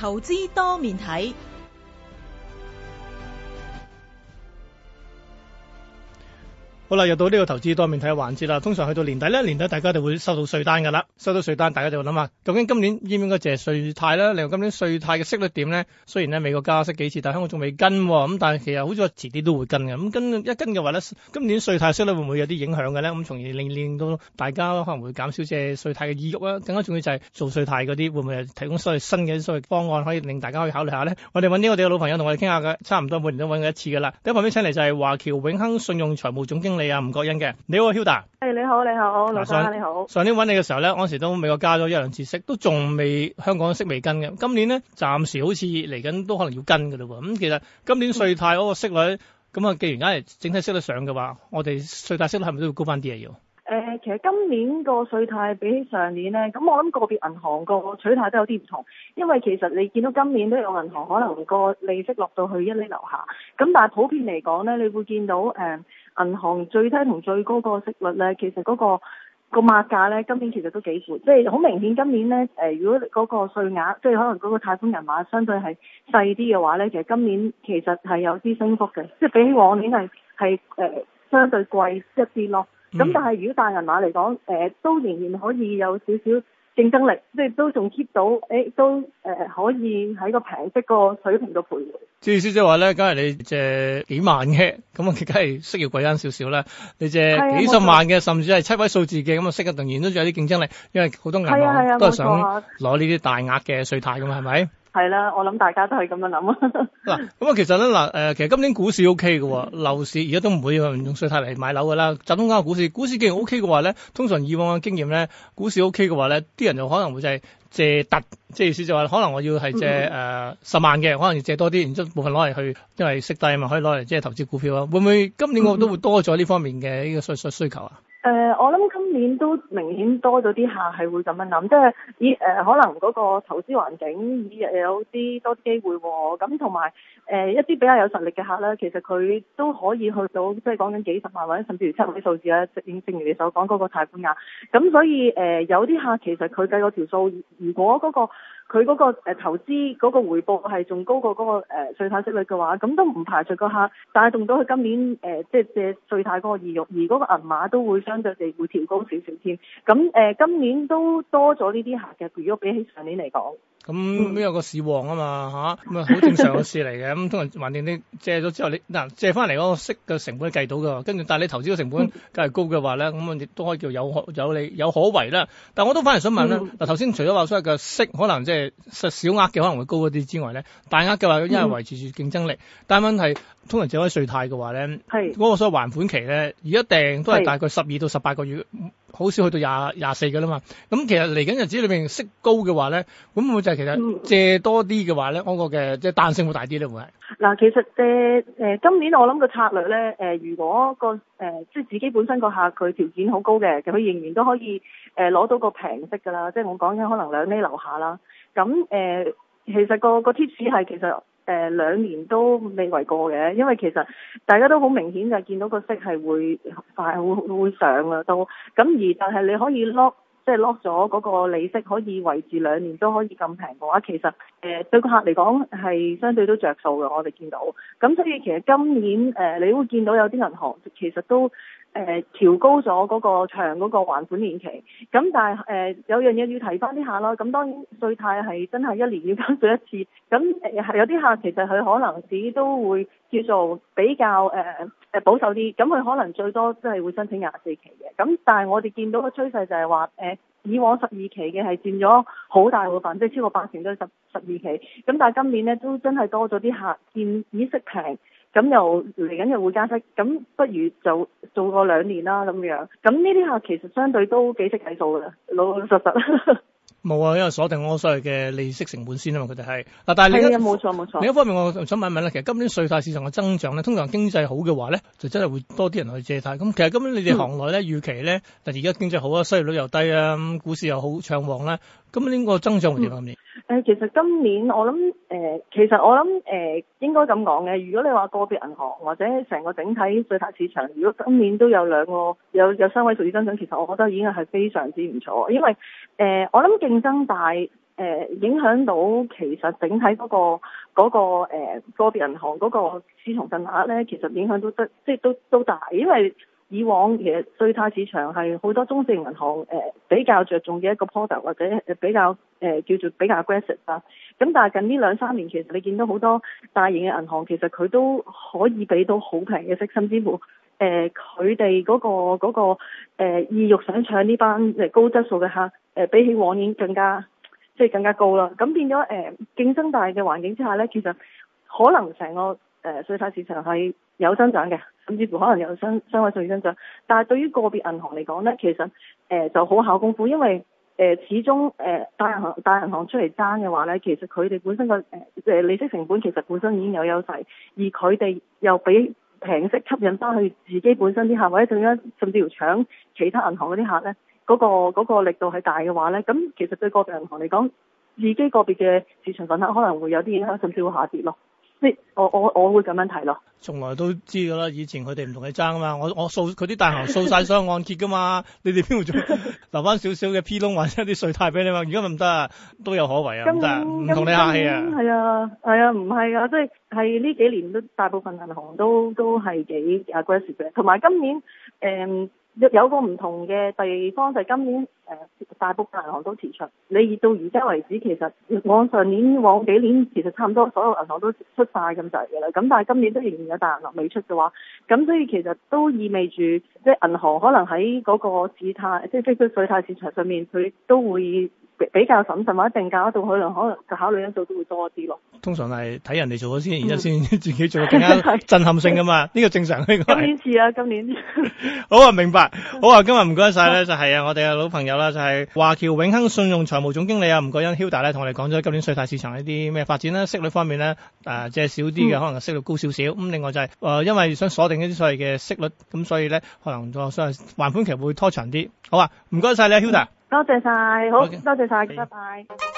投資多面睇。好啦，又到呢個投資多面睇嘅環節啦。通常去到年底咧，年底大家就會收到稅單噶啦。收到稅單，大家就諗下究竟今年應唔應該借稅貸咧？另外，今年稅貸嘅息率點咧？雖然咧美國加息幾次，但係香港仲未跟，咁但係其實好似遲啲都會跟嘅。咁跟一跟嘅話咧，今年稅貸息率會唔會有啲影響嘅咧？咁從而令令到大家可能會減少借稅貸嘅意欲啦。更加重要就係做稅貸嗰啲會唔會提供所謂新嘅所謂方案，可以令大家可以考慮下咧？我哋揾呢啲我哋嘅老朋友同我哋傾下嘅，差唔多每年都揾一次噶啦。喺旁邊請嚟就係華僑永亨信用財務總經理。你啊，吳幗欣嘅，你好，Hilda。誒，你好，你好，盧生你好。上年揾你嘅時候咧，嗰時都美國加咗一兩次息，都仲未香港息未跟嘅。今年咧，暫時好似嚟緊都可能要跟噶啦。咁其實今年稅貸嗰個息率咁啊，既然梗係整體息率上嘅話，我哋稅貸息率係咪都要高翻啲啊？要誒，其實今年個稅貸比起上年咧，咁我諗個別銀行個取貸都有啲唔同，因為其實你見到今年都有銀行可能個利息落到去一厘樓下，咁但係普遍嚟講咧，你會見到誒。銀行最低同最高個息率呢，其實嗰、那個個買價咧，今年其實都幾闊，即係好明顯今年呢，誒、呃，如果嗰個稅額，即、就、係、是、可能嗰個貸款銀碼相對係細啲嘅話呢，其實今年其實係有啲升幅嘅，即係比起往年係係誒相對貴一啲咯。咁但係如果大銀碼嚟講，誒、呃、都仍然可以有少少。競爭力即係都仲 keep 到，誒都誒可以喺個平息個水平度徘徊。即係意思即係話咧，梗係你借幾萬嘅，咁啊梗係息要貴啲少少啦。你借幾十萬嘅，甚至係七位數字嘅，咁啊息嘅當然都仲有啲競爭力，因為好多銀行都係想攞呢啲大額嘅稅貸㗎嘛，係咪？係啦，我諗大家都係咁樣諗啊。嗱，咁啊，其實咧嗱，誒，其實今年股市 O K 嘅，樓、嗯、市而家都唔會用稅貸嚟買樓噶啦。集中喺個股市，股市既然 O K 嘅話咧，通常以往嘅經驗咧，股市 O K 嘅話咧，啲人就可能會就係借突，即係意思就話可能我要係借誒十萬嘅，嗯、可能要借多啲，然之後部分攞嚟去因為息低啊嘛，可以攞嚟即係投資股票啊。會唔會今年我都會多咗呢方面嘅呢個需需需求啊？誒、嗯，我、嗯、諗。嗯今年都明顯多咗啲客係會咁樣諗，即係以誒可能嗰個投資環境以有啲多啲機會，哦，咁同埋誒一啲比較有實力嘅客咧，其實佢都可以去到即係講緊幾十萬或者甚至於七位數字啊，正正如你所講嗰個貸款額，咁所以誒、呃、有啲客其實佢計個條數，如果嗰、嗰個佢嗰個投資嗰、嗰個回報係仲高過嗰、嗰個誒稅貸息率嘅話，咁都唔排除嗰客帶動到佢今年誒即係借稅貸嗰個意欲，而嗰個銀碼都會相對地會調高少少添。咁誒、呃、今年都多咗呢啲客嘅回屋，如果比起上年嚟講。咁因為個市旺啊嘛嚇，咁啊好正常嘅事嚟嘅，咁通常還定你借咗之後你嗱借翻嚟嗰個息嘅成本都計到嘅，跟住但係你投資嘅成本梗係高嘅話咧，咁我都可以叫有可有利有可為啦。但我都反而想問咧，嗱頭先除咗話所謂嘅息可能即係實小額嘅可能會高一啲之外咧，大額嘅話因為維持住競爭力，但係問題通常借咗稅貸嘅話咧，係、那、嗰個所謂還款期咧，而家訂都係大概十二到十八個月。是嗯好少去到廿廿四嘅啦嘛，咁其實嚟緊日子裏面息高嘅話咧，咁會唔會就係其實借多啲嘅話咧，嗰、那個嘅即係彈性會大啲咧會係？嗱、嗯，其實借誒、呃、今年我諗嘅策略咧，誒、呃、如果個誒、呃、即係自己本身個客佢條件好高嘅，佢仍然都可以誒攞、呃、到個平息噶啦，即係我講緊可能兩釐樓下啦。咁、嗯、誒、呃，其實個個貼士係其實。誒、嗯、兩年都未為過嘅，因為其實大家都好明顯就見到個息係會快會會上啦都，咁而但係你可以 lock 即係 lock 咗嗰個利息，可以維持兩年都可以咁平嘅話，其實。誒、呃、對個客嚟講係相對都着數嘅，我哋見到。咁所以其實今年誒、呃，你會見到有啲銀行其實都誒、呃、調高咗嗰個長嗰個還款年期。咁但係誒、呃、有樣嘢要睇翻啲下咯。咁當然稅貸係真係一年要交稅一次。咁誒係有啲客其實佢可能自己都會叫做比較誒誒、呃、保守啲。咁佢可能最多都係會申請廿四期嘅。咁但係我哋見到嘅趨勢就係話誒。呃以往十二期嘅係佔咗好大部分，即係超過八成都係十十二期。咁但係今年呢，都真係多咗啲客，見意識平，咁又嚟緊又會加息，咁不如就做，做個兩年啦咁樣。咁呢啲客其實相對都幾識計數㗎喇，老老實實。 冇啊，因為鎖定我所謂嘅利息成本先啊嘛，佢哋係嗱，但係另一，冇錯冇錯，另一方面，我想問一問咧，其實今年稅貸市場嘅增長咧，通常經濟好嘅話咧，就真係會多啲人去借貸。咁其實今年你哋行內咧、嗯、預期咧，嗱，而家經濟好啊，失業率又低啊，股市又好暢旺咧。今年個增長係點樣呢、嗯呃？其實今年我諗誒、呃，其實我諗誒、呃，應該咁講嘅。如果你話個別銀行或者成個,個整體稅貸市場，如果今年都有兩個有有三位數字增長，其實我覺得已經係非常之唔錯。因為誒、呃，我諗競爭大誒、呃，影響到其實整體嗰、那個嗰、那個誒、呃、個別銀行嗰個市場份額咧，其實影響都得即係都都大，因為。以往其實稅貸市場係好多中小型銀行誒、呃、比較着重嘅一個 product 或者誒比較誒、呃、叫做比較 aggressive 啊，咁但係近呢兩三年其實你見到好多大型嘅銀行，其實佢都可以俾到好平嘅息，甚至乎誒佢哋嗰個嗰、那個那個呃、意欲想搶呢班誒高質素嘅客誒、呃、比起往年更加即係、就是、更加高啦，咁變咗誒、呃、競爭大嘅環境之下咧，其實可能成個。誒，稅貸市場係有增長嘅，甚至乎可能有雙雙位數增長。但係對於個別銀行嚟講呢，其實誒、呃、就好考功夫，因為誒、呃、始終誒大、呃、銀行大銀行出嚟爭嘅話呢，其實佢哋本身嘅誒、呃、利息成本其實本身已經有優勢，而佢哋又俾平息吸引翻去自己本身啲客，或者更加甚至要搶其他銀行嗰啲客呢，嗰、嗰個嗰個力度係大嘅話呢，咁其實對個別銀行嚟講，自己個別嘅市場份額可能會有啲影響，甚至會下跌咯。即係我我我會咁樣睇咯，從來都知噶啦，以前佢哋唔同你爭嘛，我我掃佢啲大行掃晒所有按揭噶嘛， 你哋邊度做？留翻少少嘅 P 窿或者啲稅貸俾你嘛，如果唔得，都有可為年啊，唔得，唔同你客氣啊，係啊係啊，唔係啊，即係係呢幾年都大部分銀行都都係幾 aggressive 嘅，同埋今年誒。嗯有個唔同嘅地方就係、是、今年，誒、呃、大部分銀行都提出，你到而家為止其實，往上年往幾年其實差唔多所有銀行都出晒咁滯嘅啦，咁但係今年都仍然有大銀行未出嘅話，咁所以其實都意味住，即係銀行可能喺嗰個稅貸即係即係稅貸市場上面，佢都會。比較審慎或一定搞到可能可能就考慮因素都會多啲咯。通常係睇人哋做咗先，然之後先自己做更加震撼性噶嘛。呢個 正常呢個。今年是啊，今年。好啊，明白。好啊，今日唔該晒咧， 就係啊，我哋嘅老朋友啦，就係華僑永亨信用財務總經理啊，吳幗欣 Hilda 咧，同我哋講咗今年稅貸市場一啲咩發展啦，息率方面咧，誒、呃、借少啲嘅，可能息率高少少。咁 另外就係、是、誒、呃，因為想鎖定一啲所謂嘅息率，咁所以咧，可能就想還款期會拖長啲。好啊，唔該晒你啊，Hilda。多謝晒，好 Okay. 多謝晒，Bye. 拜拜。